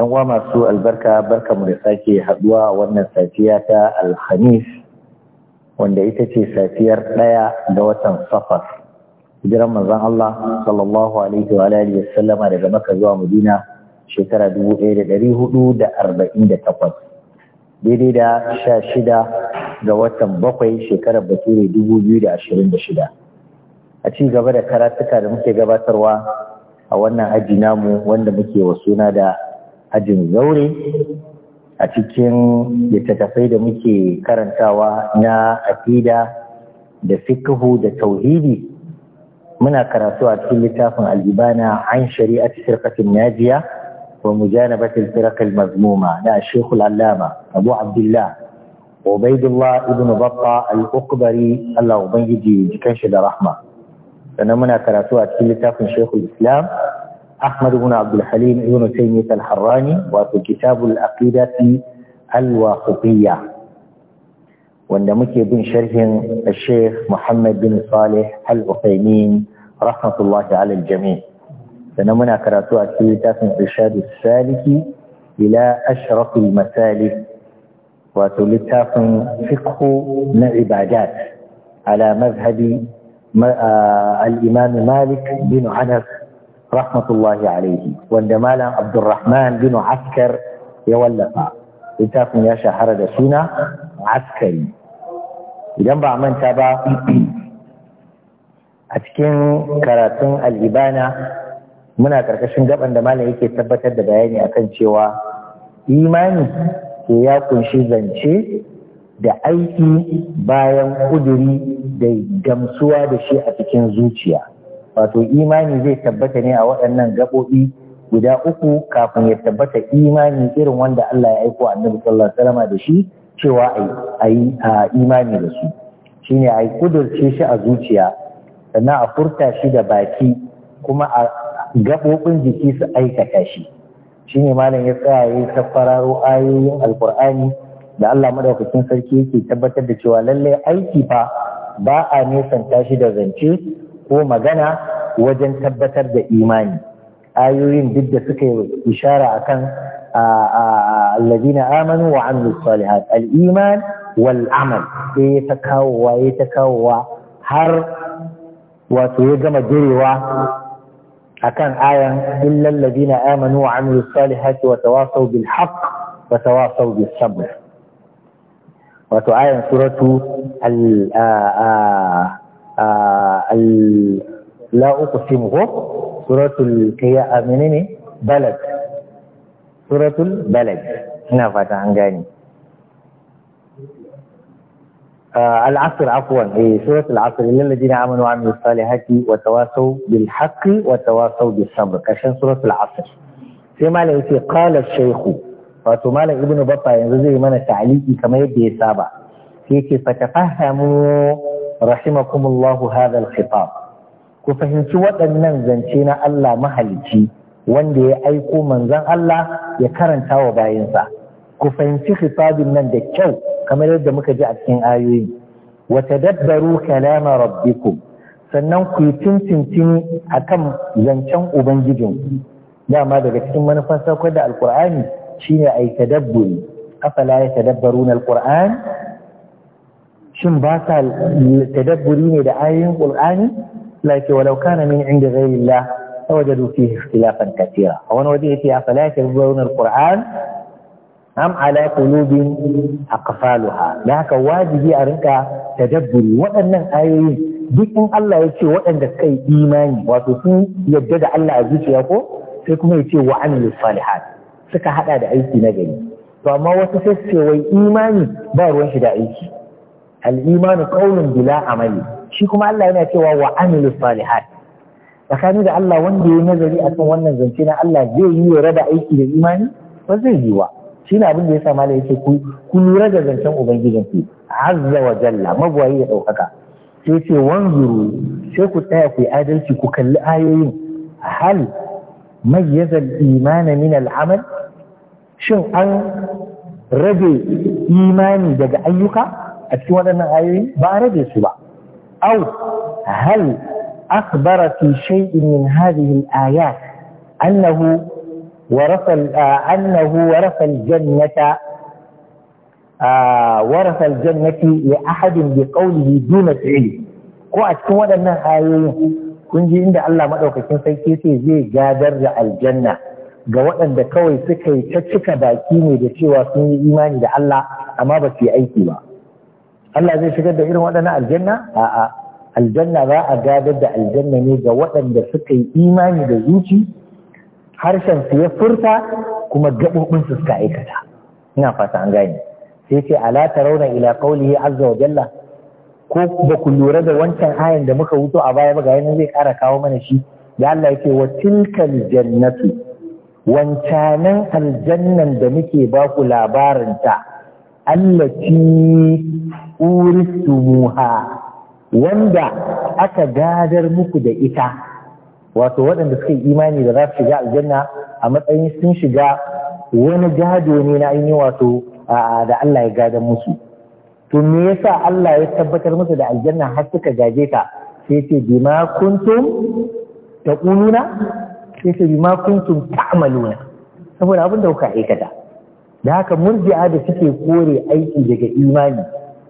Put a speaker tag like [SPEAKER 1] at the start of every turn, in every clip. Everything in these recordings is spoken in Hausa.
[SPEAKER 1] ɗan uwa masu albarka barka mu da sake haɗuwa wannan safiya ta alhamis wanda ita ce safiyar ɗaya ga watan safar hijiran manzon Allah sallallahu alaihi wa alihi wa sallama daga Makka zuwa Madina shekara 1448 daidai da 16 ga watan bakwai shekarar bature 2026 a ci gaba da karatuka da muke gabatarwa a wannan aji namu wanda muke wa suna da ajin zaure a cikin littattafai da muke karantawa na aqida da fiqhu da tauhidi muna karatu a cikin littafin al-ibana an shari'ati firqatin najiya wa Mujana al-firq al-mazmuma da Sheikh al-Allama Abu Abdullah Ubaidullah ibn Batta al-Uqbari Allah ubangiji jikan shi da rahma sannan muna karatu a cikin littafin Sheikh al-Islam أحمد بن عبد الحليم بن تيمية الحراني وفي كتاب العقيدة الواقفية والنمكي بن شرح الشيخ محمد بن صالح العثيمين رحمة الله على الجميع سنمنا كراتوا أكيدة إرشاد السالك إلى أشرف المسالك وتلتاف فقه العبادات على مذهب آه، الإمام مالك بن عنف rahmatullahi alaihi wanda malam abdurrahman bin askar ya wallafa littafin ya shahara da suna askari idan ba manta ba a cikin karatun al'ibana muna karkashin gaban da malam yake tabbatar da bayani akan cewa imani ke ya kunshi zance da aiki bayan kuduri da gamsuwa da shi a cikin zuciya wato imani zai tabbata ne a waɗannan gaɓoɓi guda uku kafin ya tabbata imani irin wanda Allah ya aiko annabi sallallahu alaihi wasallam da shi cewa a yi imani da su shine a yi kudurce shi a zuciya sannan a furta shi da baki kuma a gaɓoɓin jiki su aikata shi shine malam ya tsaya ya ta fararo ayoyin alkur'ani da Allah madaukakin sarki yake tabbatar da cewa lallai aiki fa ba a nesanta shi da zance ko magana wajen tabbatar da imani ayoyin duk da suka yi ishara akan alladina amanu wa amilu salihat al-iman wal amal sai ta wa ya ta kawo wa har wato ya gama jirewa akan ayan illal ladina amanu wa amilu salihat wa tawasaw bil haqq wa tawasaw bis sabr wato ayan suratu al آه، لا اقسم ko سورة kaya menene بلد سورة البلد هنا fata an آه، العصر عفوا إيه، سورة العصر إلا الذين آمنوا وعملوا الصالحات وتواصوا بالحق وتواصوا بالصبر عشان سورة العصر فيما لو قال الشيخ فتمال ابن بطة ينزل من تعليقي كما يدي سابع فيك فتفهموا rahimakumullahu hadha al ku fahimci waɗannan zance na Allah mahalici wanda ya aiko manzon Allah ya karanta wa bayinsa ku fahimci khitabin nan da kyau kamar yadda muka ji a cikin ayoyi wa tadabbaru kalama rabbikum sannan ku yi tuntuntuni akan zancen ubangijin. dama daga cikin manufar saukar da alkur'ani shine ai tadabburi afala yatadabbaruna alqur'an shin ba ka tadabburi ne da ayoyin qur'ani la ke walau kana min inda ghairillah lawajadu fihi ikhtilafan katira a wani waje ya yace afala tadabbaruna alquran am ala qulubin aqfaluha da haka wajibi a rinka tadabburi waɗannan ayoyin duk in Allah ya ce waɗanda suka yi imani wato sun yadda da Allah a zuciya ko sai kuma ya ce wa amilu salihat suka hada da aiki na gari to amma wasu sai su ce wai imani ba ruwan shi da aiki al-imanu qawlun bila amali shi kuma Allah yana cewa wa amilus Saliha. tsakani da Allah wanda ya nazari akan wannan zance na Allah zai yi raba aiki da imani ba zai yi wa shi ne abin da ya sa mala yake ku ku lura da zancen ubangijin ku azza wa jalla magwayi ya ɗaukaka. sai ce wanzuru sai ku tsaya ku yi adalci ku kalli ayoyin hal mayyaza al-iman min al-amal shin an rabe imani daga ayyuka a cikin waɗannan ayoyi ba a rage su ba au hal akhbara fi shay'in min hadhihi al-ayat annahu warasa annahu warasa al-jannata warasa al-jannati li ahadin bi qawlihi duna fi'li ko a cikin waɗannan ayoyin kun ji inda Allah madaukakin sarki sai zai gadar da aljanna ga waɗanda kawai suka yi ta cika baki ne da cewa sun yi imani da Allah amma ba su yi aiki ba Allah zai shigar da irin waɗannan aljanna a'a aljanna za a gadar da aljanna ne ga waɗanda suka yi imani da zuci harshen ya furta kuma gaɓoɓin su suka aikata ina fata an gane sai ce ala rauna ila ya azza wa jalla ko ba ku lura da wancan ayan da muka wuto a baya ba ga yanzu zai ƙara kawo mana shi da Allah ce wa tilkal jannatu wancanan aljannan da muke ba ku labarin allati uristumuha wanda aka gadar muku da ita wato waɗanda suka yi imani da za su shiga aljanna a matsayin sun shiga wani gado ne na ainihin wato da Allah ya gadar musu to me yasa Allah ya tabbatar musu da aljanna har suka gaje ta sai ce bima kuntum taquluna sai ce bima kuntum ta'maluna saboda abin da kuka aikata da haka murji'a da suke kore aiki daga imani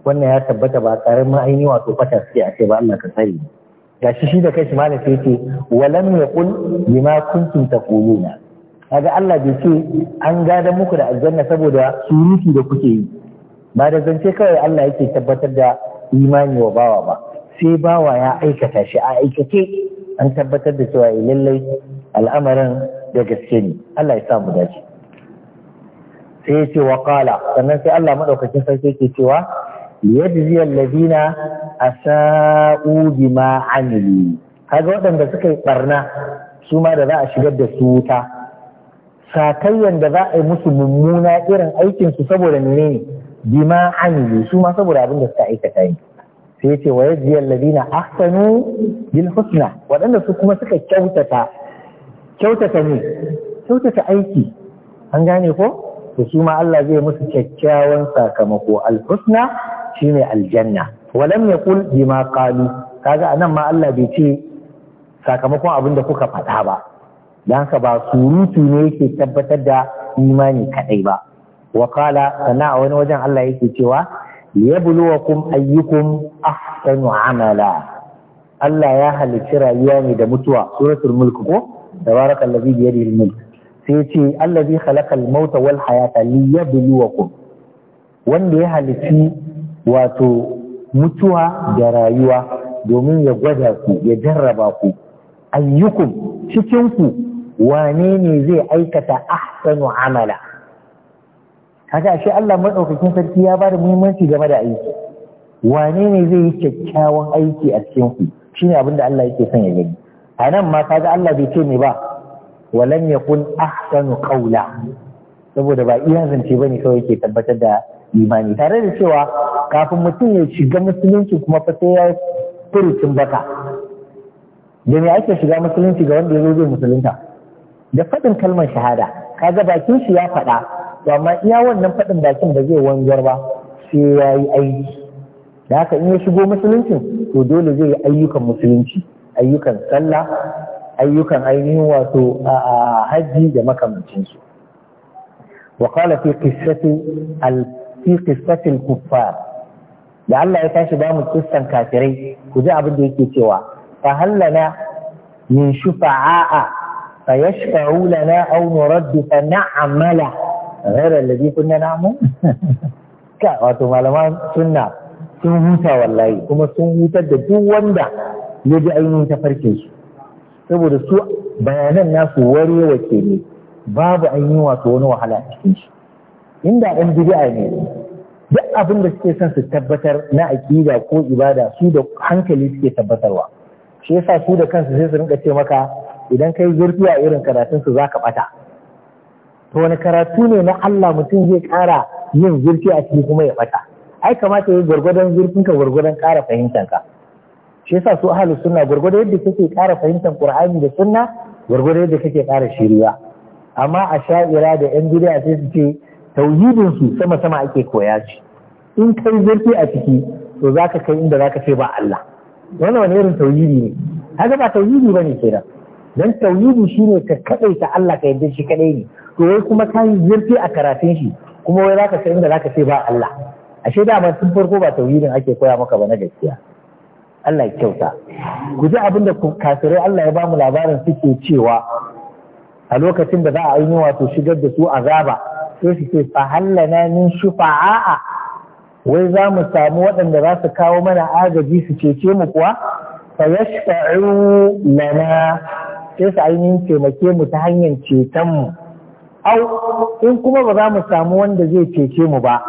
[SPEAKER 1] wannan ya tabbata ba tsarin ma'aini wato fata suke a ba Allah ka tsare gashi shi da kashi malam sai ce walam yaqul bima kuntum taquluna kaga Allah bai ce an gada muku da aljanna saboda surutu da kuke yi ba da zance kawai Allah yake tabbatar da imani wa bawa ba sai bawa ya aikata shi a aikace an tabbatar da cewa eh, lallai al'amarin da gaske ne Allah ya samu dace sai ya ce wa qala sannan sai Allah madaukakin sarki yake cewa liyajzi a sa'u bima amilu kaga waɗanda suka yi ɓarna, su ma da za a shigar da su wuta sakayyan da za a yi musu mummuna irin aikinsu su saboda menene bima amilu su ma saboda abin da suka aikata yi, sai ce wa yadda yajzi alladhina ahsanu bil husna waɗanda su kuma suka kyautata kyautata ne kyautata aiki an gane ko to su ma Allah zai musu kyakkyawan sakamako shi shine aljanna walam yaqul bima qalu kaga anan ma Allah bai ce sakamakon abin da kuka faɗa ba dan ba surutu ne yake tabbatar da imani kadai ba wa qala sana a wani wajen Allah yake cewa liyabluwakum ayyukum ahsanu amala Allah ya halicci rayuwa ne da mutuwa suratul mulk ko tabarakallazi bi yadihi mulk sai ce allazi khalaqal mauta wal hayata liyabluwakum wanda ya halitti wato mutuwa da rayuwa domin ya gwada ku ya jarraba ku ayyukum cikin ku wane ne zai aikata ahsanu amala kaga shi Allah madaukakin sarki ya bada muhimmanci game da aiki wane ne zai yi kyakkyawan aiki a cikin ku shine abinda Allah yake son ya gani a nan ma kaga Allah bai ce ne ba ya kun ahsanu qawla saboda ba iya zance bane kawai yake tabbatar da imani tare da cewa kafin mutum ya shiga musulunci kuma fa sai ya furucin baka da me ake shiga musulunci ga wanda ya zo zai musulunta da fadin kalmar shahada kaga bakin shi ya faɗa to amma iya wannan fadin bakin da zai wanzar ba sai ya yi aiki da haka in ya shigo musulunci to dole zai yi ayyukan musulunci ayyukan sallah ayyukan ainihin wato a hajji da makamancinsu wa qala fi kuffar da Allah ya tashi bamu kisan kafirai ku ji abinda da yake cewa fa hallana min shufa'a fa yashfa'u lana aw nuraddu fa na'mala ghayra alladhi kunna na'mal wato malaman sunna sun huta wallahi kuma sun hutar da duk wanda ya ji ainihin tafarkin su saboda su bayanan nasu warewa ke ne babu an yi wato wani wahala a cikin shi inda ɗan bid'a ne duk abin da suke son su tabbatar na aƙida ko ibada su da hankali suke tabbatarwa shi yasa su da kansu sai su rinka ce maka idan kai zurfi a irin karatun su zaka bata to wani karatu ne na Allah mutum zai kara yin zurfi a ciki kuma ya bata ai kamata yi zurfin ka gwargwadon ƙara fahimtanka shi yasa su ahlus sunna gurgurda yadda kake ƙara fahimtar qur'ani da sunna gurgurda yadda kake ƙara shiriya amma a sha'ira da yan gida sai su ce tauhidin su sama sama ake koya shi in kai zurfi a ciki to zaka kai inda zaka ce ba Allah wannan wani irin tauhidi ne haka ba tauhidi bane kenan dan tauhidi shine ka ta Allah ka yarda shi kadai ne to wai kuma ka yi zurfi a karatun shi kuma wai zaka kai inda zaka ce ba Allah ashe da sun farko ba tauhidin ake koya maka ba na gaskiya Allah ya kyauta ku ji abin da kafirai Allah ya ba mu labarin suke cewa a lokacin da za a yi wato shigar da su azaba sai su ce fa hallana min shufa'a wai za mu samu waɗanda za su kawo mana agaji su cece mu kuwa fa yashfa'u lana sai su ainihin taimake mu ta hanyar ceton mu au in kuma ba za mu samu wanda zai cece mu ba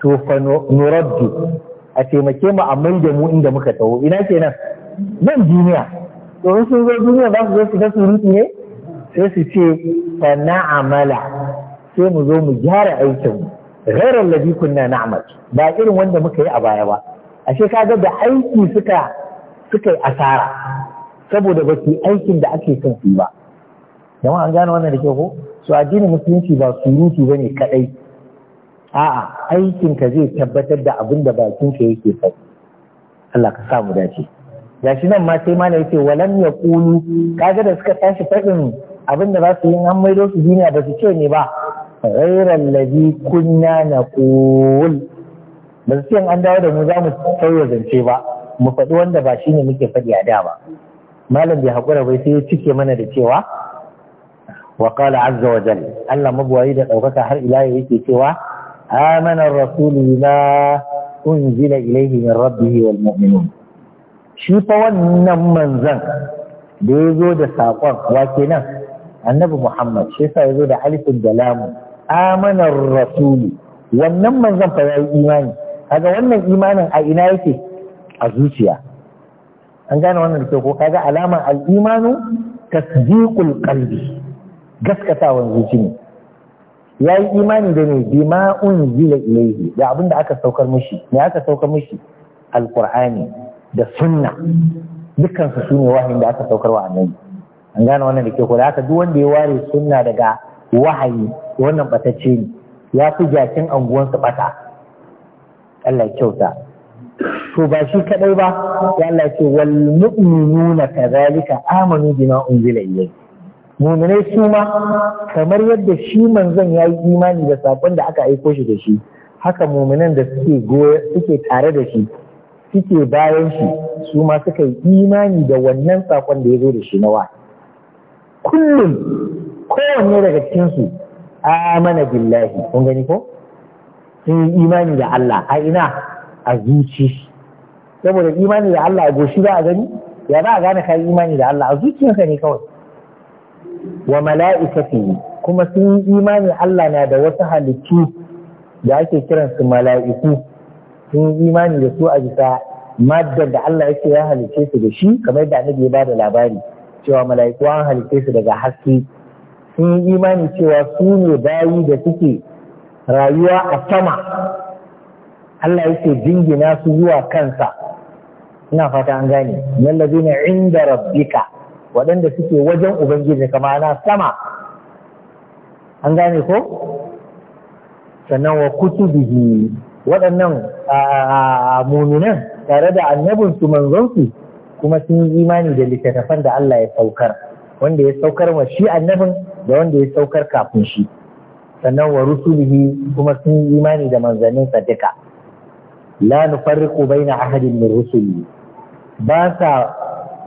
[SPEAKER 1] to fa nuraddu a taimake mu a mai da mu inda muka taho ina kenan nan duniya to sun zo duniya za su zo su ga surutu ne sai su ce fa na'amala sai mu zo mu gyara aikin ghairar ladi kunna na'mal ba irin wanda muka yi a baya ba ashe kaga da aiki suka suka yi asara saboda ba su aikin da ake son su ba jama'a an gane wannan da ke ko su addinin musulunci ba surutu bane kadai a'a aikinka zai tabbatar da abin da bakinka yake faɗi Allah ka samu dace gashi nan ma sai mana yake walam yaqulu kaga da suka tashi faɗin abin da za su yi an maido su duniya ba su ce ne ba ghairal ladhi kunna naqul ba su an dawo da mu za mu sauya zance ba mu faɗi wanda ba shine muke faɗi a da ba malam bai hakura bai sai ya cike mana da cewa wa qala azza wa jalla Allah mabwayi da daukaka har ila yake cewa Amanan rasulu bima unzila ilayhi min rabbihi wal mu'minun shi fa wannan manzan da ya zo da saƙon wa nan annabi muhammad shi yasa ya zo da alifin da Lamu. Amanan rasulu wannan manzan fa yayi imani kaga wannan imanin a ina yake a zuciya an gane wannan da ke ko kaga alaman al-imanu tasdiqul qalbi gaskatawan zuci ne ya yi imani da ne bima zila ilaihi da abin da aka saukar mishi ne aka saukar mishi alqur'ani da sunna dukkan su sune wahayin da aka saukar wa annabi an gane wannan da ke kula aka duk wanda ya ware sunna daga wahayi wannan batacce ne ya fi jakin anguwansa bata Allah kyauta to ba shi kadai ba ya Allah ce wal mu'minuna kadhalika amanu bima unzila ilaihi. muminai su ma kamar yadda shi manzon ya yi imani da saƙon da aka aiko shi da shi haka muminan da suke goya suke tare da shi suke bayan shi su ma suka yi imani da wannan saƙon da ya zo da shi na wa kullum kowanne daga cikinsu amana billahi kun gani ko sun yi imani da Allah a ina a zuci saboda imani da Allah a goshi ba a gani ya ba a gane ka yi imani da Allah a zuciyarka ne kawai wa mala'ikatihi kuma sun yi imani Allah na da wasu halittu da ake kiransu mala'iku sun yi imani da su a bisa maddar da Allah yake ya halice su da shi kamar da annabi ya bada labari cewa mala'iku an halice su daga haske sun yi imani cewa su ne bayi da suke rayuwa a sama Allah yake jingina su zuwa kansa ina fata an gane yallazina inda rabbika waɗanda suke wajen ubangiji kama na sama an gane ko sannan wa kutubihi waɗannan muminan tare da annabinsu manzonsu kuma sun yi imani da littattafan da Allah ya saukar wanda ya saukar wa shi annabin da wanda ya saukar kafin shi sannan wa rusulihi kuma sun yi imani da manzanninsa duka la nufarriqu baina ahadin min rusuli ba sa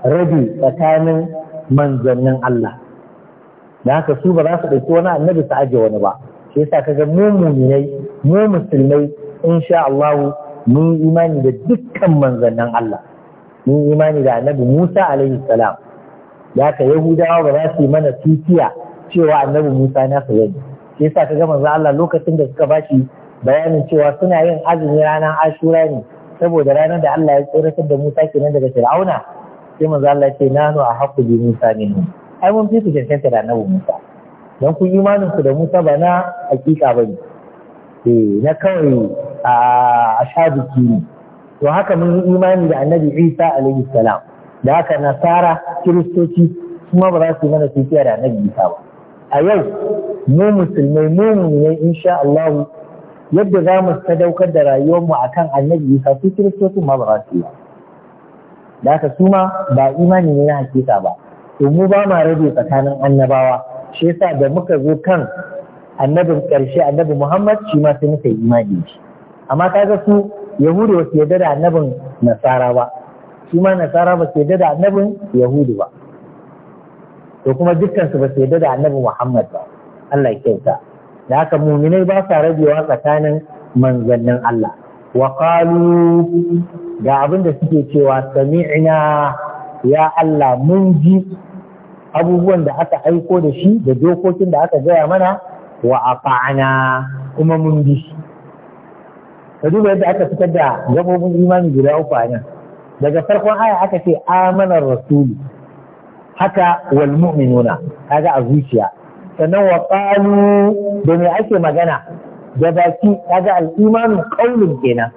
[SPEAKER 1] rabi tsakanin manzannin Allah da haka su ba za su ɗauki wani annabi su aje wani ba shi yasa kaga mu muminai mu musulmai insha Allah mun imani da dukkan manzannin Allah mun imani da annabi Musa alaihi salam da haka Yahudawa ba za su yi mana tutiya cewa annabi Musa na su yadda shi yasa ga manzo Allah lokacin da suka bashi bayanin cewa suna yin azumi ranar Ashura ne saboda ranar da Allah ya tsoratar da Musa kenan daga Fir'auna sai manzo Allah ce nanu a haqqu bi Musa minhu ai mun fi su da annabi Musa dan kun imanin ku da Musa ba na hakika bane eh na kawai a ashabu ne to haka mun yi imani da annabi Isa alaihi salam da haka nasara kiristoci kuma ba za su yi mana tafiya da annabi Isa ba a yau mu musulmai mu mu'minai insha Allah yadda za mu sadaukar da rayuwarmu akan annabi Isa su kiristocin ma ba za su yi ba da haka su ba imani ne na hakika ba to mu ba ma rabe tsakanin annabawa shi yasa da muka zo kan annabin ƙarshe annabi Muhammad shi ma sai muka yi imani shi amma kaga su Yahudu ba su yarda da annabin Nasara ba shi ma Nasara ba su yarda da annabin Yahudu ba to kuma dukkan su ba su yarda da annabi Muhammad ba Allah ya kyauta da haka muminai ba sa rabewa tsakanin manzannin Allah wa qalu ga abin da suke cewa sami'na ya Allah mun ji abubuwan da aka aiko da shi da dokokin da aka gaya mana wa aqa'na kuma mun bi ka duba yadda aka fitar da gabobin imani guda uku a nan daga farkon aya aka ce amanar rasulu haka wal mu'minuna kaga a zuciya sannan wa qalu da me ake magana da baki kaga al'imanu qaulun kenan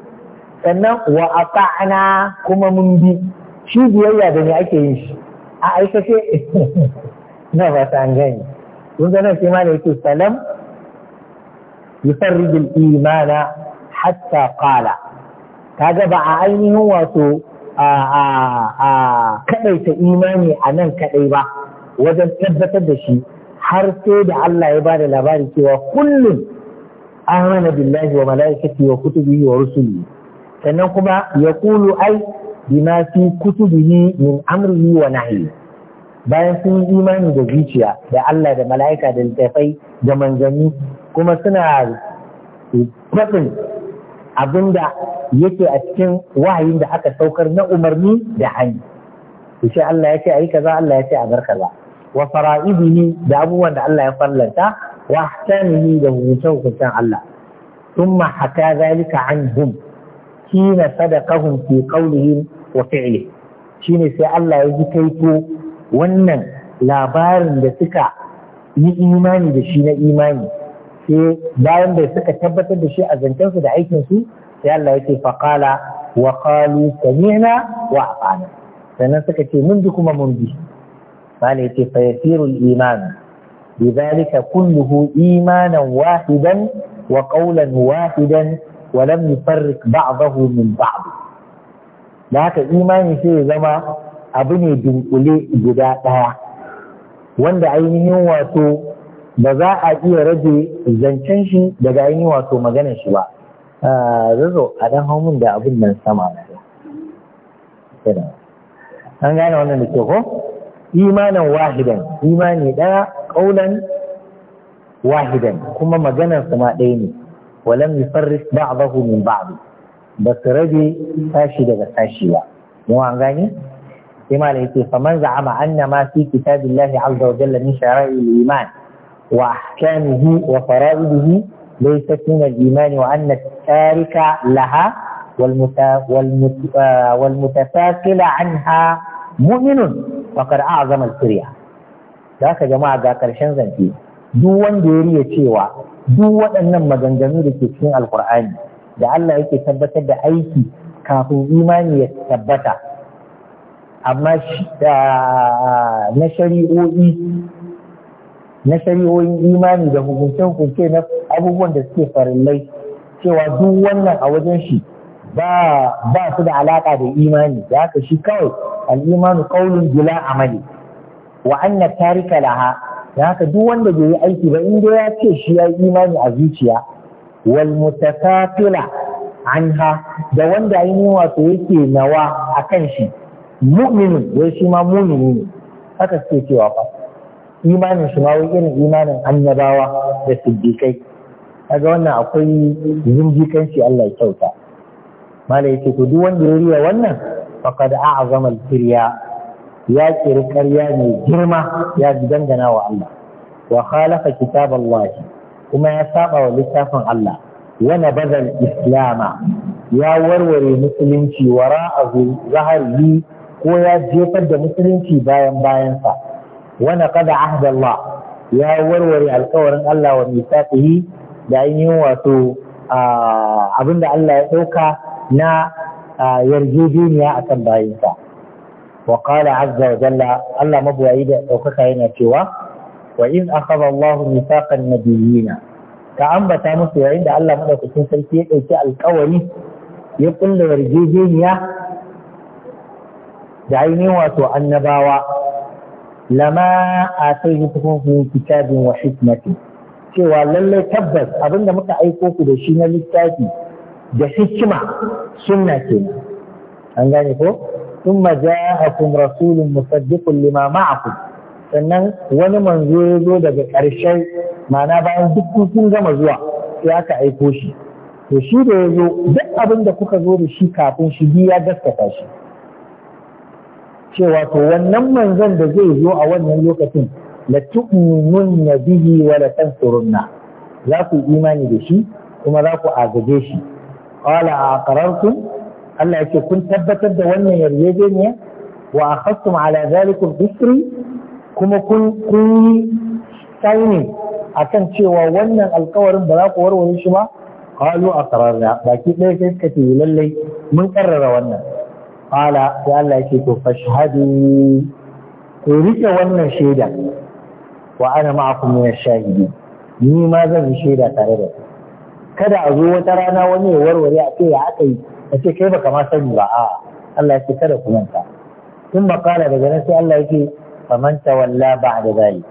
[SPEAKER 1] sannan wa ata'na kuma mun bi shi biyayya da ne ake yin shi a aikace na ba ta gani kun ga nan sai ma da yake salam yufarrij al-imana hatta qala kaga ba a ainihin wato a a a kadaita imani a nan kadai ba wajen tabbatar da shi har sai da Allah ya ba da labari cewa kullum amana billahi wa malaikati wa kutubihi wa rusuli sannan kuma ya kulu ai bima fi kutubihi min amrihi wa nahi. bayan sun yi imani da zuciya da Allah da mala'ika da littafai da manzanni kuma suna faɗin abinda yake a cikin wahayin da aka saukar na umarni da hanyi yace Allah ya ce yi kaza Allah ya ce a bar kaza wa ne da abubuwan da Allah ya fallanta wa ahkamihi da hukunce-hukuncen Allah thumma haka zalika anhum hina sadaqahum fi qawlihim wa fi'lihim shine sai Allah ya ji kaito wannan labarin da suka yi imani da shi na imani sai bayan bai suka tabbatar da shi a zancen su da aikin su. Allah yake faƙala wa qalu sami'na wa sannan suka ce mun ji kuma mun bi malai yake fa yasirul iman بذلك كله إيمانا واحدا وقولا واحدا ولم يفرق بعضه من بعض لذلك إيمان شيء زما أبني دنقلي جداء wanda ainihin wato ba za a iya rage zancen shi daga ainihin wato maganar shi ba zazo a dan haumin da abun nan sama an gane wannan da ke imanan wahidan imani ɗaya ƙaunan wahidan kuma maganar ma ɗaya ne walam yufarris ba'dahu min ba'd ba su rabe tashi daga tashi ba mu an gani? sai malai yake faman za'ama anna ma fi kitabillahi azza wa jalla min shara'il iman wa ahkamihi wa fara'idihi laysat min al-iman wa anna tarika laha wal mutafakkila anha mu'minun faqad a'zama al-firya da ka jama'a ga karshen zance duk wanda ya riya cewa duk waɗannan maganganu da ke cikin alkur'ani da Allah yake tabbatar da aiki kafin imani ya tabbata amma na shari'o'i na shari'o'in imani da hukunce-hukunce na abubuwan da suke farillai cewa duk wannan a wajen shi ba ba su da alaka da imani da haka shi kawai al-imanu qawlun bila amali wa anna tarika laha da haka duk wanda bai yi aiki ba in ya ce shi ya yi imani a zuciya wal mutasafila anha da wanda ainihin wato yake nawa akan shi mu'minin wai shi ma mu'mini ne haka suke cewa fa imanin shi ma wai irin imanin annabawa da siddiqai kaga wannan akwai shi Allah ya kyauta mala yace to duk wanda ya riya wannan faqad a'zama al-firya ya kiri ƙarya mai girma ya dangana wa Allah wa khalafa kitab Allah kuma ya saba wa littafin Allah wa nabadha al-islama ya warware musulunci wara'ahu zahari ko ya jefar da musulunci bayan bayansa wa naqada ahda Allah ya warware alƙawarin Allah wa misaqihi da yin wato ah, abinda Allah ya ɗauka na yarjejeniya a kan bayinsa wa qala azza wa jalla Allah mabuwayi da ɗaukaka yana cewa wa in akhadha Allahu mithaqan nabiyina ka ambata musu yayin da Allah madaukakin sarki ya ɗauki alƙawari ya kulla yarjejeniya da ainihin wato annabawa lama ataitukum kitabin wa hikmati cewa lallai tabbas abinda muka aiko ku da shi na littafi da hikima sunna ce an gane ko ثم جاءكم رسول limama a معكم sannan wani manzo ya zo daga ƙarshen mana bayan duk kun gama zuwa sai aka aiko shi to shi da ya zo duk abin da kuka zo da shi kafin shi bi ya gaskata shi cewa to wannan manzon da zai zo a wannan lokacin la tu'minun bihi wa la tansurunna za ku imani da shi kuma za ku agaje shi qala aqrartum Allah ce kun tabbatar da wannan yarjejeniya wa akhadtum ala zalikum bisri kuma kun kun a akan cewa wannan alkawarin ba za ku warware shi ba qalu aqrarna baki ɗaya sai suka ce lallai mun karrara wannan kwala sai Allah yake to fashhadu ku riƙe wannan shaida wa ana ma'akum min ash ni ma zan shaida tare da ku kada a zo wata rana wani ya warware a ce ya aka yi a ce kai baka ma sani ba a Allah ya ce kada ku manta in ba kala daga nan sai Allah yake manta walla ba da zali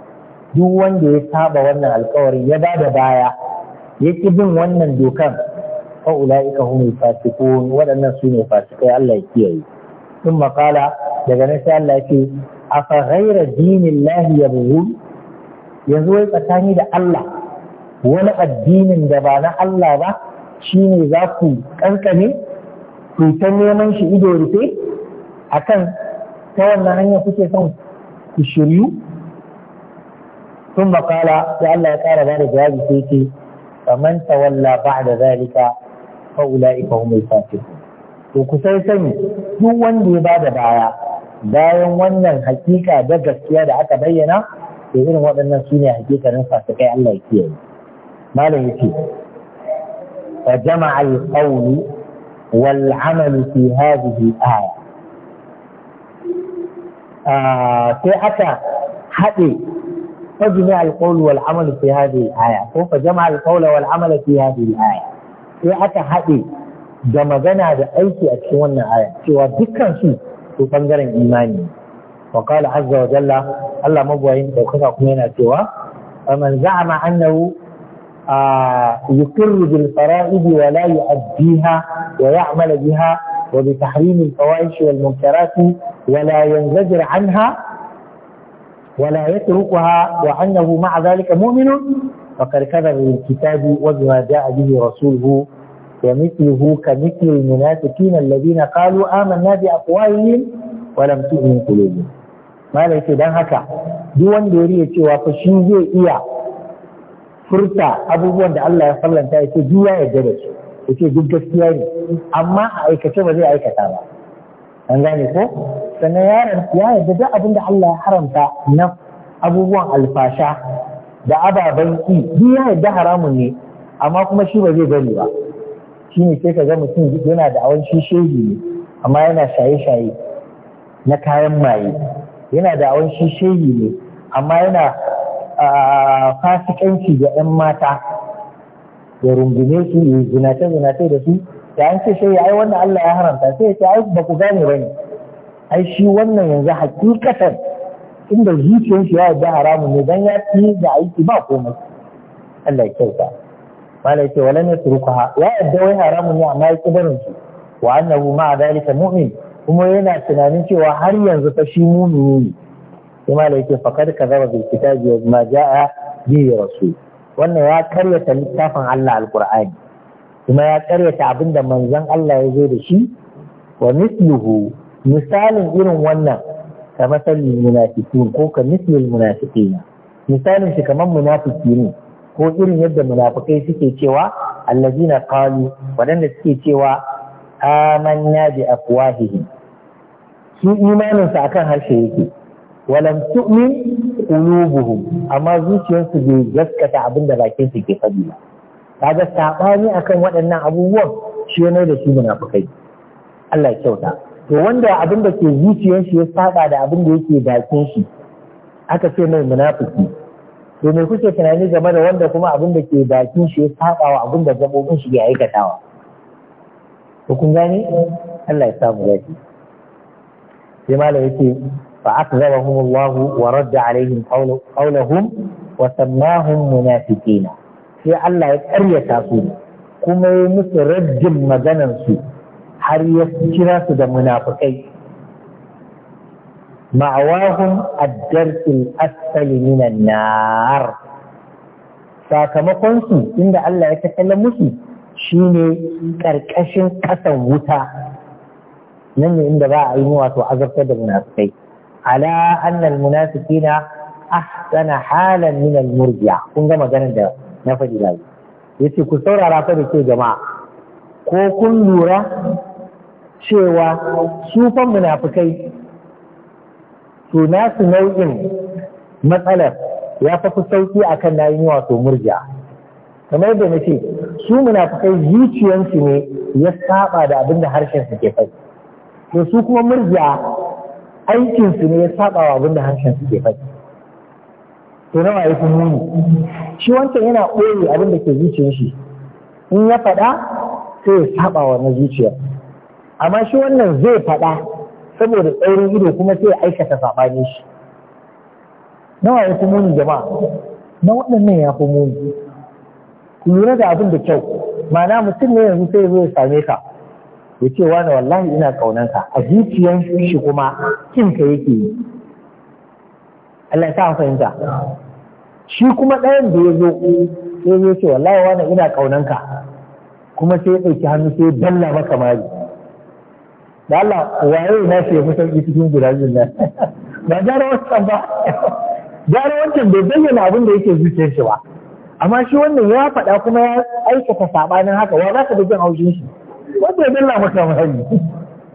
[SPEAKER 1] duk wanda ya saba wannan alkawarin ya ba da baya ya ki bin wannan dokan fa ulaika humul fasikun waɗannan su ne fasikai Allah ya kiyaye in makala daga nan sai Allah yake afa ghaira dinillahi yabghun yanzu wai tsakani da Allah wani addinin da ba na Allah ba shi ne za ku kankane ku ta neman shi ido rufe a kan ta wannan hanyar kuke son ku shiryu sun makala sai Allah ya ƙara ba da jawabi sai ce faman tawalla ba'da zalika fa ulaika humul fasiqun to ku sai sani duk wanda ya bada baya bayan wannan hakika da gaskiya da aka bayyana to irin waɗannan su ne hakikanin fasikai Allah ya kiyaye malam yake wa jama'a al-qawl wal 'amal fi hadhihi aya ah, sai aka haɗe ko fa jama'a da magana da aiki a cikin wannan aya cewa dukkan su to bangaren imani wa azza Allah mabwayin daukaka kuma yana cewa man a yukir bil fara'id wa la yu'addiha wa ya'mal biha wa bi tahrim al fawaish wal munkarat wa la yanzajir anha wa la yatrukuha wa annahu ma'a dhalika mu'min wa qad kadha bil kitabi wa bima ja'a bihi rasuluhu wa mithluhu ka mithli al munafiqina alladhina qalu amanna bi afwahihim wa lam tu'min qulubuhum ma la yake dan haka duk wanda ya riya cewa fa shi zai iya furta abubuwan da Allah ya fallanta ya ce duk ya yarda da su ya ce duk gaskiya ne amma a aikace ba zai aikata ba an gane ko sannan yaron ya yarda duk abin da Allah ya haramta na abubuwan alfasha da ababen ki duk ya yarda haramun ne amma kuma shi ba zai gani ba shi ne sai ka ga mutum yana da awon shishegi ne amma yana shaye-shaye na kayan maye yana da awon shishegi ne amma yana fasikanci ga 'yan mata ya rungume su ya zinace zinace da su da an ce sai ai wannan Allah ya haramta sai ya ce ai ba ku gane ba ne!' ai shi wannan yanzu hakikatan inda zuciyar shi ya yadda haramun ne dan ya fi da aiki ba komai Allah ya kyauta malai ce walan ha? ya yadda wai haramun ne amma ya ki barin shi wa annahu ma'a dalika mu'min kuma yana tunanin cewa har yanzu fa shi mu'mini ne kuma da yake faƙar ka zama bil kitabi wa ma ja'a bi rasul wannan ya karyata littafin Allah alqur'ani kuma ya karyata abinda manzon Allah ya zo da shi wa misluhu misalin irin wannan ka masalin munafiqin ko ka mislil munafiqina misalin shi kamar munafiki ne ko irin yadda munafikai suke cewa allazina qalu wadanda suke cewa amanna bi afwahihim su imaninsa akan harshe yake walam tu'min qulubuhum amma zuciyarsu bai gaskata abin da bakin su ke faɗi ba kaga sabani akan waɗannan abubuwan shi ne da shi munafikai Allah ya kyauta to wanda abin da ke zuciyar shi ya saba da abin da yake bakin shi aka ce mai munafiki to me kuke tunani game da wanda kuma abin da ke bakin shi ya saba wa abin da gabobin shi ya aikatawa to kun gane Allah ya samu lafiya sai malam yake فأكذبهم الله ورد عليهم قولهم وسماهم منافقين في الله يقرية kuma كما يمس رجم مدنا سوء har ya kira su da munafukai ma'awahum addarsul asfali minan nar sakamakon su inda Allah ya tattala musu shine karkashin kasan wuta nan ne inda ba a yi wato azabtar da munafukai ala annal munafiqina ahsana halan min al murji'a kun ga maganar da na faɗi da yace ku saurara fa ke jama'a ko kun lura cewa su fa munafikai to nasu nau'in matsalar ya fa fi sauki akan nayin yawa to murji'a kamar da nace su munafikai zuciyansu ne ya saɓa da abinda harshen su ke faɗi to su kuma murji'a aikinsu ne ya saba wa abin da harshen suke faɗi to na waye sun muni shi wancan yana ɓoye abin da ke zuciyar shi in ya faɗa sai ya saba wa na zuciyar amma shi wannan zai faɗa saboda tsaurin ido kuma sai ya aikata saɓani shi na waye sun muni jama'a na waɗannan ya fi muni ku lura da abin da kyau ma'ana mutum ne yanzu sai ya zo ya same ka ya ce wani wallahi ina ƙaunanka a zuciyar shi kuma kin ka yake yi Allah ya sa fahimta shi kuma ɗayan da ya zo sai ya ce wallahi wani ina ƙaunanka kuma sai ya ɗauki hannu sai ya dalla maka mari da Allah waye na ce ya fi cikin guda biyu na ba gyara wancan ba gyara wancan bai bayyana abin da yake zuciyar shi ba amma shi wannan ya faɗa kuma ya aikata saɓanin haka wa za ka da jin haushin shi wanda ya billa maka muhalli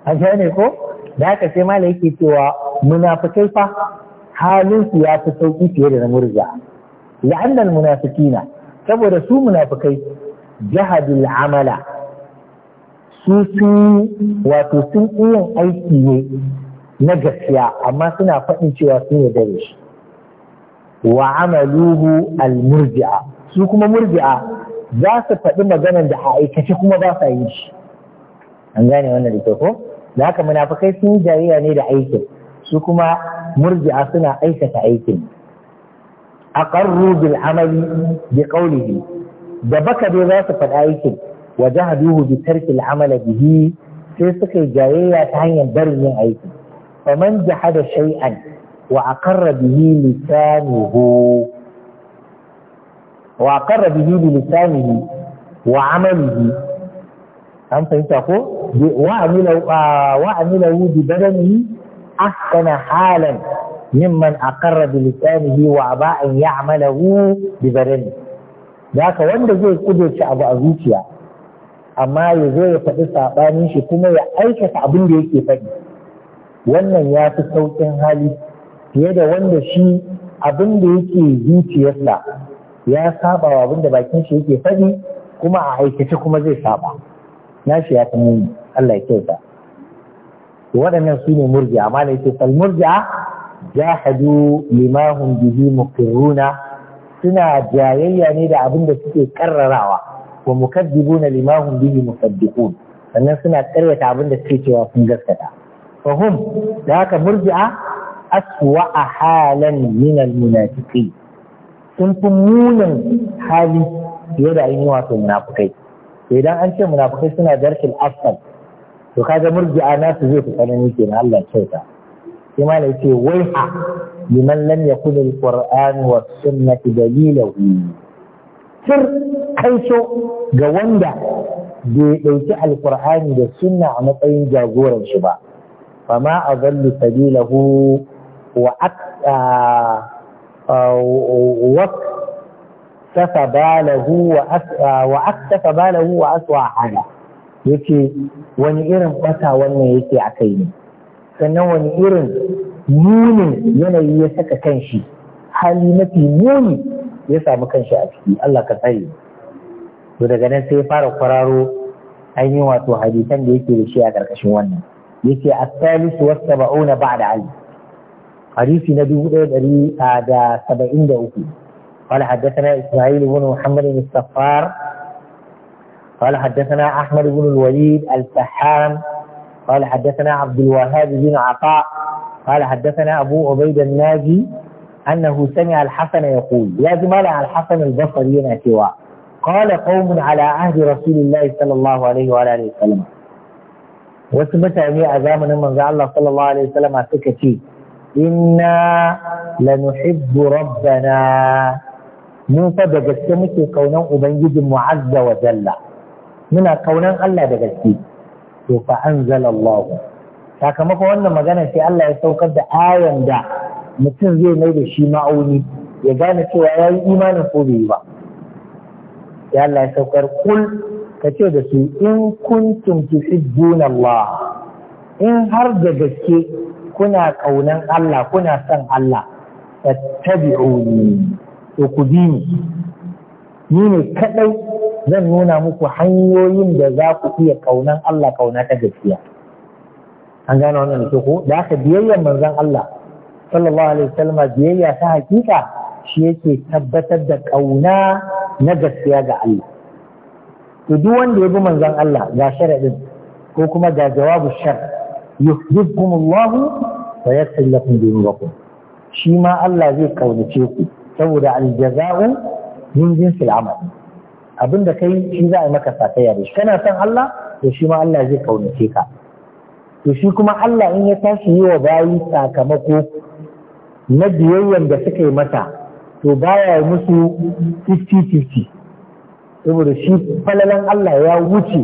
[SPEAKER 1] a gane ko da haka sai mala yake cewa munafikai fa halin su ya fi sauki fiye da na murja la'annal munafikina saboda su munafikai jahadul amala su sun wato sun yin aiki ne na gaskiya amma suna faɗin cewa sun yarda da shi wa amaluhu al su kuma murji'a za su faɗi maganar da a aikace kuma ba sa yin shi an gane wannan da ko da haka munafikai sun yi jayayya ne da aikin su kuma murji'a suna aikata aikin aqarru bil amali bi qawlihi da baka dai za su faɗa aikin wa jahaduhu bi tarki al amala bihi sai suka yi jayayya ta hanyar barin yin aikin fa man jahada shay'an wa aqarra bihi lisanuhu wa aqarra bihi lisanihi wa amalihi an fahimta ko wa amila wa amila ahsana halan mimman aqarra bi lisanihi wa aba an ya'malahu bi badani haka wanda zai kudurci abu a zuciya amma ya zo ya faɗi saɓanin shi kuma ya aikata abin da yake faɗi wannan ya fi sauƙin hali fiye da wanda shi abin da yake zuciyarsa ya saba wa abin da bakin shi yake faɗi kuma a aikace kuma zai saba. nashi ya fi muni Allah ya kyauta waɗannan su ne murji'a amma da yake fal murji'a jahadu limahum bihi muqirruna suna jayayya ne da abin da suke karrarawa wa mukaddibuna limahum bihi musaddiqun sannan suna karyata abin da suke cewa sun gaskata fahum da haka murji'a aswa halan min al munafiqin sun fi munin hali fiye da ainihin wato munafukai idan an ce munafukai suna darkil asfal to kaga murji'a nasu zai fi tsanani na Allah kyauta sai ma ce wai ha liman lam yakun alquran wa sunnati dalilahu sir kaiso ga wanda bai dauki alqur'ani da sunna a matsayin jagoran shi ba fama azallu sabilahu wa aqta aktafa balahu wa aktafa balahu wa aswa wani irin bata wannan yake a kai ne sannan wani irin munin yanayi ya saka kanshi hali mafi muni ya samu kanshi a ciki Allah ka tsare to daga nan sai ya fara kwararo an yi wato hadisan da yake da shi a ƙarƙashin wannan yake as-salisu was ba'da ali hadisi na dubu ɗaya ɗari ah, da saba'in da uku قال حدثنا إسماعيل بن محمد بن السفار قال حدثنا أحمد بن الوليد الفحام قال حدثنا عبد الوهاب بن عطاء قال حدثنا أبو عبيد الناجي أنه سمع الحسن يقول يا زمال الحسن البصري سوى قال قوم على عهد رسول الله صلى الله عليه وعلى آله وسلم wasu mutane a من manzo صلى الله عليه وسلم suka إنا لنحب ربنا Mun fa da gaske muke kaunan ubangijin mu azza wa jalla muna kaunan Allah da gaske to fa sakamakon wannan magana sai Allah ya saukar da ayan da mutum zai mai da shi ma'auni ya gane cewa ya yi imanin ko bai yi ba ya Allah ya saukar kul ka ce da su in kuntum tuhibbuna Allah in har da gaske kuna kaunan Allah kuna son Allah fattabi'uni to ku ni ne kaɗai zan nuna muku hanyoyin da za ku iya kaunan Allah ƙauna ta gaskiya an gane wannan da ko da aka biyayyar manzon Allah sallallahu alaihi wasallam biyayya ta hakika shi yake tabbatar da ƙauna na gaskiya ga Allah to duk wanda ya bi manzon Allah ga sharadin ko kuma ga jawabu shar yuhibbukumullahu wa yaghfir lakum dhunubakum shi ma Allah zai kaunace ku saboda aljaza'u min jinsil amal abinda kai shi za a maka sakaya da shi kana son Allah to shi ma Allah zai kaunace ka to shi kuma Allah in ya tashi yi wa bayi sakamako na biyayyen da suka yi masa to baya musu 50-50 saboda shi falalan Allah ya wuce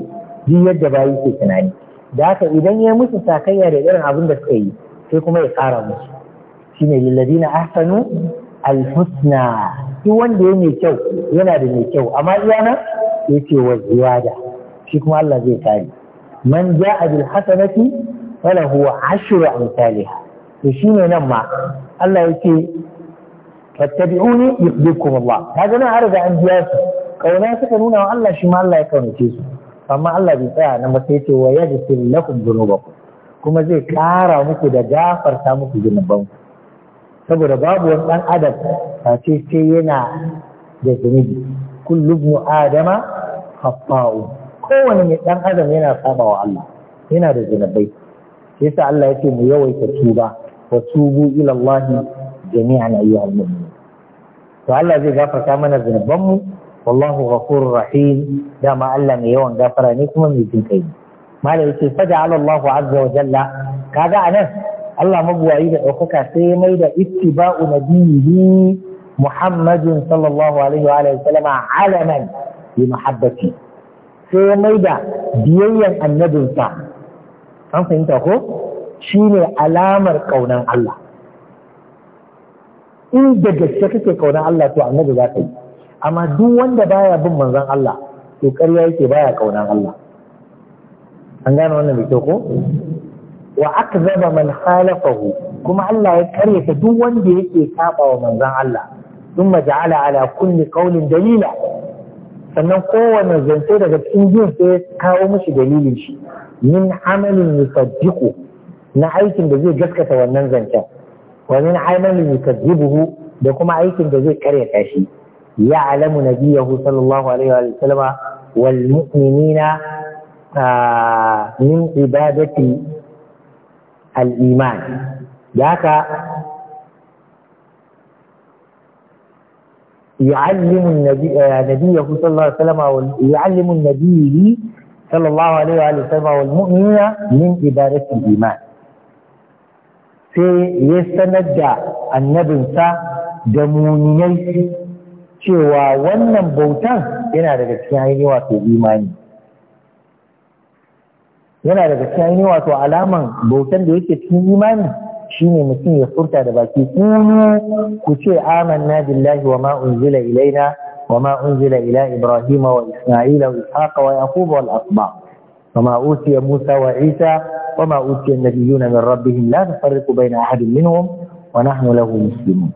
[SPEAKER 1] duk yadda bayi ke tunani da haka idan ya musu sakayya da irin abin da suka yi sai kuma ya ƙara musu shine lilladina ahsanu alhusna duk wanda ya mai kyau yana da mai kyau amma iyana ya ce wa ziyada shi kuma Allah zai kare man ja'a bil hasanati falahu ashru amsalha to shine nan ma Allah yake fattabi'uni yuhibbukum Allah kaga nan har an biya su kauna suka nuna wa Allah shi ma Allah ya kaunace su amma Allah bai tsaya nan ba sai ce wa yaghfir lakum dhunubakum kuma zai kara muku da gafarta muku zunubanku saboda babu wani ɗan adam face sai yana da zunubi kullum adama haffa'u kowane mai ɗan adam yana saba wa Allah yana da zunubai sai sa Allah ya ce mu yawaita tuba wa tubu ila Allah jami'an ayyuhal mu'minin to Allah zai gafarta mana zunuban mu wallahu ghafurur rahim dama Allah mai yawan gafara ne kuma mai jin kai malai yace fada ala Allah azza wa jalla kaga anan Allah mabuwayi da ɗaukaka sai ya mai da ittiba'u nabiyyi Muhammadin sallallahu alaihi wa alihi sallama alaman bi mahabbati sai ya mai da biyayyan annabinsa an fahimta ko shine alamar kaunan Allah in da gaske kake kaunan Allah to annabi za ka yi amma duk wanda baya bin manzon Allah to ƙarya yake baya kaunan Allah an gane wannan da kyau ko wa akzaba man khalafahu kuma Allah ya karyata duk wanda yake saba wa manzon Allah thumma ja'ala ala kulli qawlin dalila sannan kowane zance daga cikin jin sai ya kawo mishi dalilin shi min amalin yusaddiqu na aikin da zai gaskata wannan zancen wa min amalin yukadzibuhu da kuma aikin da zai karyata shi ya alamu nabiyahu sallallahu alaihi wa sallama wal mu'minina ah, min ibadati al'iman ya haka يعلم النبي نبيه صلى الله عليه وسلم يعلم النبي صلى الله sai ya sanar da annabinsa da muminai cewa wannan bautan yana daga cikin ainihin wato imani yana daga cikin ainihin wato alaman bautan da yake cikin imani shine mutum ya furta da baki ku ce amanna billahi wa ma unzila ilaina wa ma unzila ila ibrahima wa isma'ila wa ishaqa wa yaquba asba wa musa wa isa wa ma utiya nabiyuna min rabbihim la nufarriqu baina ahadin minhum wa nahnu lahu muslimun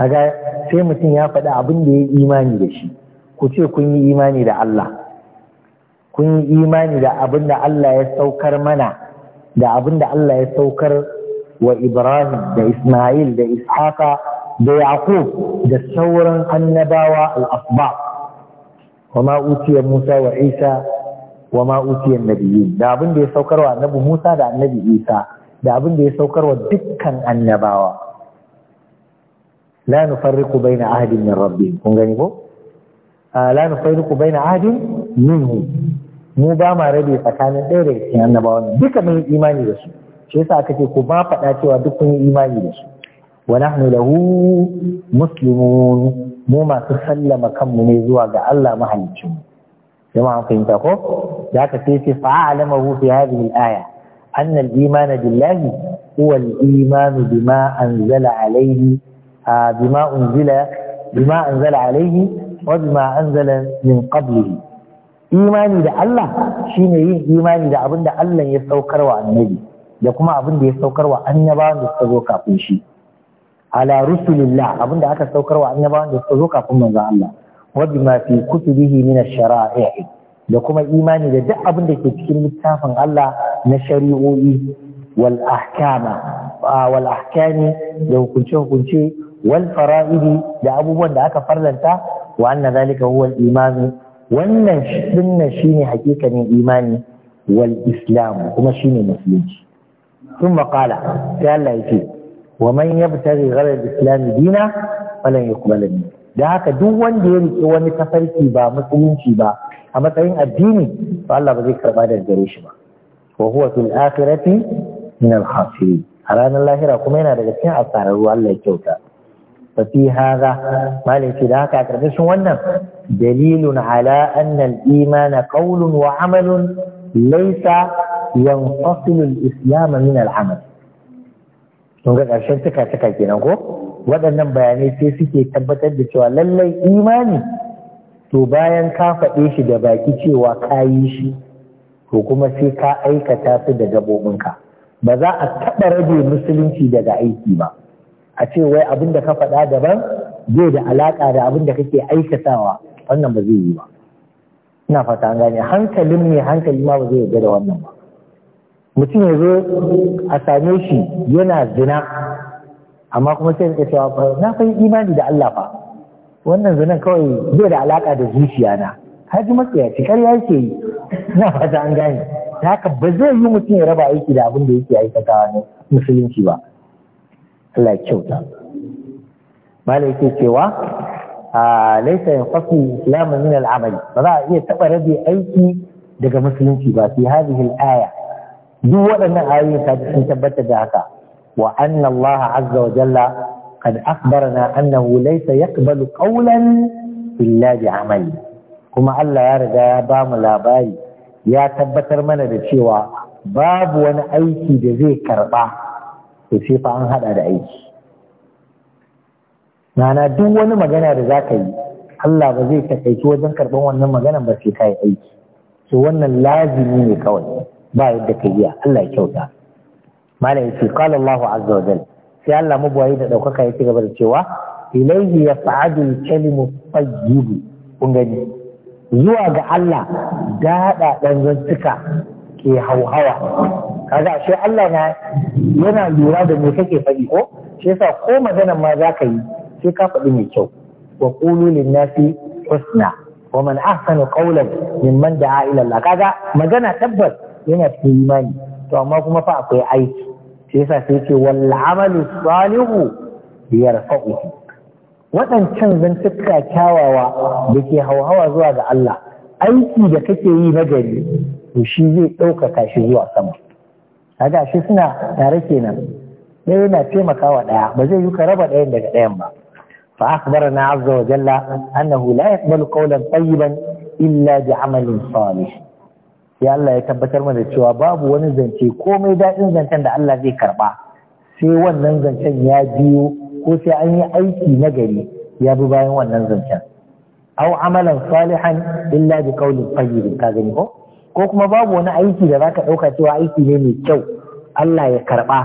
[SPEAKER 1] kaga sai mutum ya faɗi abin da ya imani da shi ku ce kun yi imani da Allah kun yi imani da abin da Allah ya saukar mana da abin da Allah ya saukar wa Ibrahim da Ismail da Ishaqa da Yaqub da sauran annabawa al-asba wa ma utiya Musa wa Isa wa ma utiya nabiyyin da abin da ya saukar wa annabi Musa da annabi Isa da abin da ya saukar wa dukkan annabawa la nufarriqu baina ahadin min rabbihim kun gani ko ah, la nufarriqu baina ahadin minhum mu ba ma rabe tsakanin ɗaya daga cikin annabawan duka mun yi imani da su shi yasa aka ce ku ba faɗa cewa duk kun yi imani da su wa nahnu lahu muslimun mu masu sallama kanmu ne zuwa ga Allah mahaliccin mu an fahimta ko da aka sai ce lama fi hadhihi al-aya anna al-imana billahi huwa al-imanu bima anzala alayhi bima unzila bima anzala alayhi wa bima anzala min qablihi imani da Allah shine yin imani da abin da Allah ya wa annabi da kuma abin da ya wa annabawan da suka zo kafin shi ala rusulillah abin da aka wa annabawan da suka zo kafin manzon Allah wa bima fi kutubihi min ash-shara'i da kuma imani da duk abin da ke cikin littafin Allah na shari'o'i wal ahkama wal ahkami da hukunce hukunce wal fara'idi da abubuwan da aka farlanta wa anna zalika huwa al-imani wannan dinnan shine hakikanin imani wal islam kuma shine musulunci ثم wa man ya fita يبتغي غير dina falan ya يقبل منه da haka duk wanda ya rike wani tafarki ba musulunci ba a matsayin addini to Allah ba zai karba da gare shi ba wa huwa fil akhirati min al khasirin a ranar lahira kuma yana daga cikin asarar Allah ya kyauta ففي هذا ما ليس لها كاكرتش ونم دليل على أن الإيمان قول وعمل ليس ينفصل الإسلام من العمل kun ga ƙarshen cika cika kenan ko waɗannan bayanai sai suke tabbatar da cewa lallai imani to bayan ka faɗe shi da baki cewa ka yi shi to kuma sai ka aikata su da gabobinka ba za a taɓa rage musulunci daga aiki ba a ce wai abin da ka faɗa daban zai da alaƙa da abin da kake aikatawa wannan ba zai yi ba ina fata an gane hankalin ne hankali ma ba zai yarda da wannan ba mutum ya zo a same shi yana zina amma kuma sai ka cewa na fa imani da Allah fa wannan zinan kawai zai da alaƙa da zuciya na haji kar ya yake yi ina fata an gane haka ba zai yi mutum ya raba aiki da abin da yake aikatawa ne musulunci ba Allah ya kyauta yake cewa a laisa yin kwafi islamu ba za a iya taɓa rage aiki daga musulunci ba fi har al duk waɗannan ayoyin ta sun tabbatar da haka wa anna Allah azza wa jalla qad akhbarana annahu laysa yaqbalu qawlan illa bi amali kuma Allah ya riga ya ba mu labari ya tabbatar mana da cewa babu wani aiki da zai karba to sai fa an hada da aiki Nana duk wani magana da za ka yi Allah ba zai takaici wajen karɓar wannan maganan ba sai ka yi aiki to wannan lazimi ne kawai ba yadda ka yi Allah ya kyauta malam yace qala Allahu azza wa jalla sai Allah mabwayi da daukaka ya ci gaba da cewa ilayhi yas'adu al-kalimu tayyib kun gani zuwa ga Allah daɗa ɗan zantuka ke hauhawa kaga shi Allah na yana lura da me kake faɗi ko shi yasa ko magana ma za ka yi sai ka faɗi mai kyau wa qulu lin nasi husna wa man ahsanu qawlan mimman da'a ila Allah kaga magana tabbas yana cikin imani to amma kuma fa akwai aiki shi yasa sai ce wal amalu salihu yarfa'u waɗancan zantuka kyawawa da ke hauhawa zuwa ga Allah aiki da kake yi na gari to shi zai ɗaukaka shi zuwa sama kaga shi suna tare kenan ɗaya yana taimakawa ɗaya ba zai yi ka raba ɗayan daga ɗayan ba fa na azza wa jalla annahu la yaqbalu qawlan tayyiban illa bi amalin salih ya Allah ya tabbatar mana cewa babu wani zance komai daɗin zancen da Allah zai karba sai wannan zancen ya biyo ko sai an yi aiki na gari ya bi bayan wannan zancen Au amalan salihan illa bi qawlin tayyibin ko kuma babu wani aiki da zaka ɗauka cewa aiki ne mai kyau Allah ya karɓa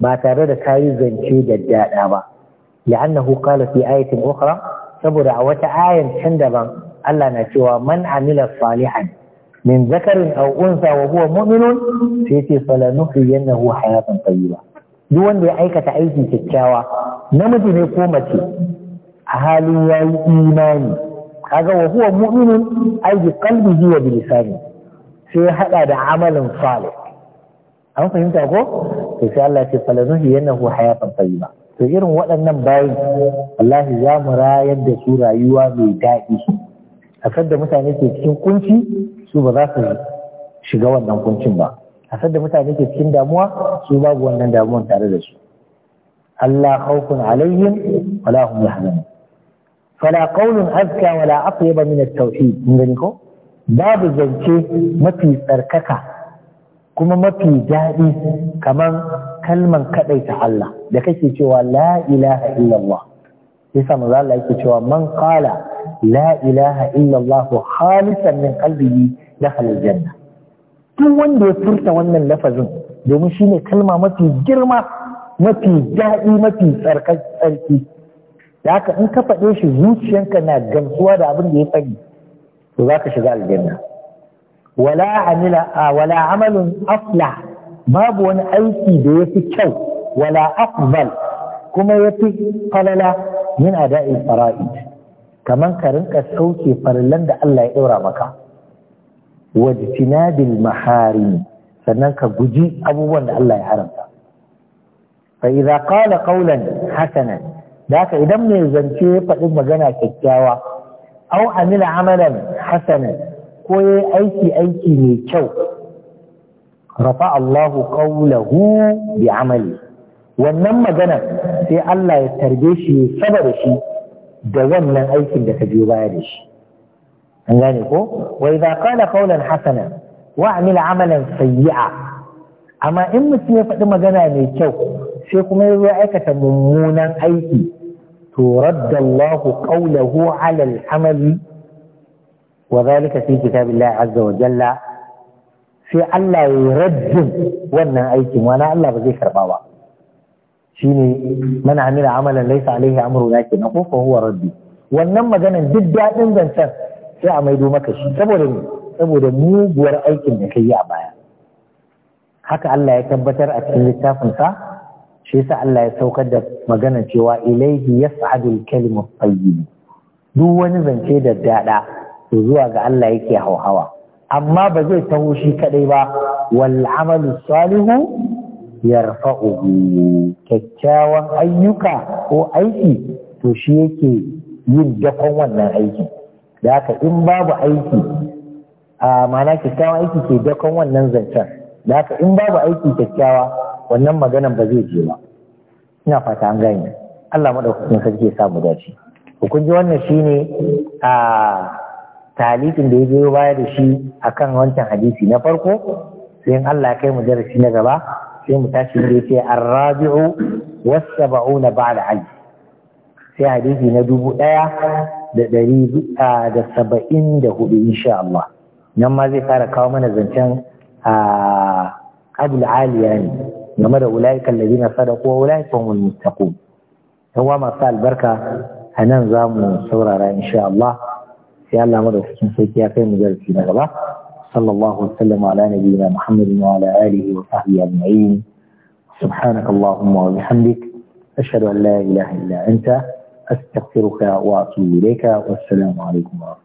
[SPEAKER 1] ba tare da kayi zance da dada ba la'annahu qala fi ayatin ukhra saboda a wata ayan can daban Allah na cewa man amila salihan min zakarin aw unsa wa huwa mu'minun sai ce falanuhyiyannahu hayatan tayyiba duk wanda ya aikata aiki kyakkyawa namiji ne ko mace a halin yayi imani kaga wa huwa mu'minun ai bi qalbihi wa bi lisani sai hada da amalin salih an fahimta ko to sai Allah ya ce falanuhi yanahu hayatan tayyiba to irin waɗannan bayi, wallahi za mu rayar da su rayuwa mai daɗi a da mutane ke cikin kunci su ba za su shiga wannan kuncin ba a da mutane ke cikin damuwa su babu wannan damuwan tare da su Allah khawfun alaihim wala hum yahzanun fala qaulun azka wala aka min at-tauhid mun gani ko babu zance mafi tsarkaka kuma mafi daɗi kamar kalman kaɗai ta Allah da kake cewa la ilaha illallah yasa maza Allah yake cewa man kala la ilaha illallah khalisan min qalbihi dakhala aljanna duk wanda ya furta wannan lafazin domin shine kalma mafi girma mafi daɗi mafi tsarki da haka in ka faɗe shi zuciyanka na gamsuwa da abin da ya faɗi to za ka shiga aljanna wala amila a wala amalun afla babu wani aiki da ya fi kyau wala afbal kuma ya fi falala min ada'i fara'id kaman ka rinka sauke farillan da Allah ya ɗora maka wajtinabil mahari sannan ka guji abubuwan da Allah ya haramta fa idza qala qawlan hasanan da haka idan mai zance ya faɗi magana kyakkyawa au amila amalan hasanan ko ya aiki aiki mai kyau rafa Allahu qawlahu bi amali wannan magana sai Allah ya tarbe shi saba da shi da wannan aikin da ka je baya da shi an gane ko wa idza qala qawlan hasanan wa amila amalan sayyi'a amma in mutum ya faɗi magana mai kyau sai kuma ya zo aikata mummunan aiki to raddallahu qawlahu ala al-amali wa zalika fi kitabillahi azza wa jalla sai Allah ya raddin wannan aikin wani Allah ba zai karba ba shine man amila amalan laysa alaihi amruna kenan ko fa huwa raddi wannan maganan duk daɗin zancen sai a maido maka shi saboda saboda muguwar aikin da kai a baya haka Allah ya tabbatar a cikin littafinsa shi yasa Allah ya saukar da magana cewa ilaihi yas'adul kalimu tayyib duk wani zance da dada to zuwa ga Allah yake hauhawa amma ba zai taho shi kadai ba wal amalu salihu yarfa'uhu kyakkyawan ayyuka ko aiki to shi yake yin dakon wannan aiki. da haka in babu aiki a mana kyakkyawan aiki ke dakon wannan zancen da haka in babu aiki kyakkyawa wannan maganan ba zai je ba ina fata an gane Allah madaukakin sarki ya samu dace kun ji wannan shine a talibin da ya biyo baya da shi akan wancan hadisi na farko sai Allah ya kai mu darasi na gaba sai mu tashi da yace ar-rabi'u was-sab'una ba'da alf sai hadisi na dubu ɗaya da dari da saba'in da hudu insha Allah nan ma zai fara kawo mana zancen آه، قبل عاليا نمر يعني. أولئك الذين صدقوا أولئك هم المتقون هو ما قال بركة أنا نظام سورة إن شاء الله في الله مرة في سيكي أخير مجرد في نغبة صلى الله وسلم على نبينا محمد وعلى آله وصحبه أجمعين سبحانك اللهم وبحمدك أشهد أن لا إله إلا أنت أستغفرك وأتوب إليك والسلام عليكم ورحمة الله